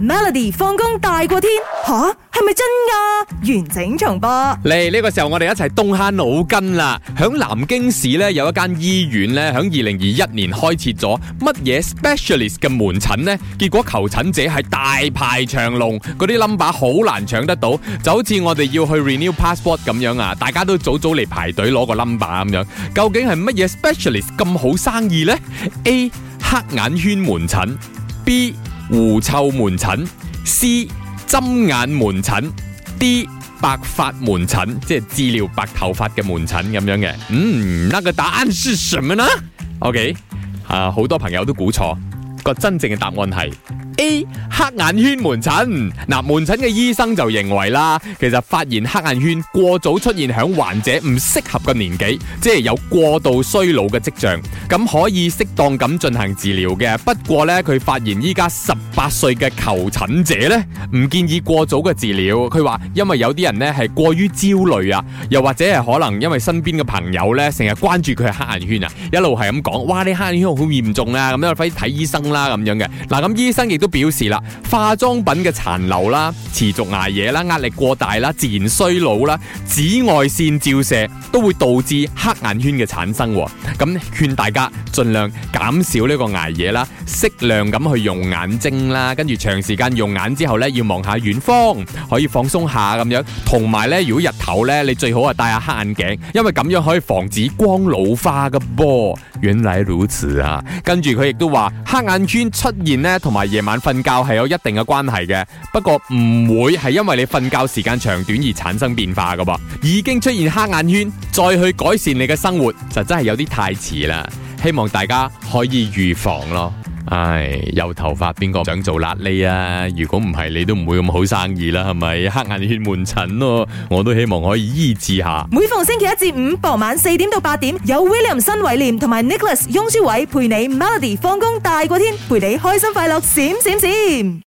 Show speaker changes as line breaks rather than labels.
Melody 放工大過天，吓？係咪真噶？完整重播
嚟呢、呢個時候我，我哋一齊動下腦筋啦！響南京市呢，有一間醫院呢，響二零二一年開設咗乜嘢 specialist 嘅門診呢？結果求診者係大排長龍，嗰啲 number 好難搶得到，就好似我哋要去 renew passport 咁樣啊！大家都早早嚟排隊攞個 number 咁樣，究竟係乜嘢 specialist 咁好生意呢？A 黑眼圈門診，B。狐臭門診、C 針眼門診、D 白髮門診，即係治療白頭髮嘅門診咁樣嘅。嗯，那個答案是什麼呢？OK，啊，好多朋友都估錯，個真正嘅答案係。A 黑眼圈門診。嗱，門診嘅醫生就認為啦，其實發現黑眼圈過早出現響患者唔適合嘅年紀，即係有過度衰老嘅跡象，咁可以適當咁進行治療嘅。不過咧，佢發現依家十八歲嘅求診者咧，唔建議過早嘅治療。佢話因為有啲人咧，係過於焦慮啊，又或者係可能因為身邊嘅朋友咧成日關注佢係黑眼圈啊，一路係咁講，哇，你黑眼圈好嚴重啦啊，咁樣快啲睇醫生啦咁樣嘅。嗱，咁醫生亦都表示啦，化妝品嘅殘留啦，持續挨夜啦，壓力過大啦，自然衰老啦，紫外線照射都會導致黑眼圈嘅產生，哦。咁、嗯、勸大家盡量減少呢個挨夜啦，適量咁去用眼睛啦，跟住長時間用眼之後呢，要望下遠方，可以放鬆下咁樣。同埋呢，如果日頭呢，你最好係戴下黑眼鏡，因為咁樣可以防止光老化㗎噃。原來如此啊！跟住佢亦都話黑眼圈出現呢，同埋夜晚瞓覺係有一定嘅關係嘅，不過唔會係因為你瞓覺時間長短而產生變化㗎噃。已經出現黑眼圈，再去改善你嘅生活就真係有啲太遲啦。希望大家可以預防咯。唉，有頭髮邊個想做辣痢啊？如果唔係，你都唔會咁好生意啦，係咪？黑眼圈、門診囉，我都希望可以醫治下。
每逢星期一至五傍晚四點到八點，有 William 新偉廉同埋 Nicholas 雍舒偉陪你 Melody 放工大過天，陪你開心快樂閃閃閃。閃閃閃。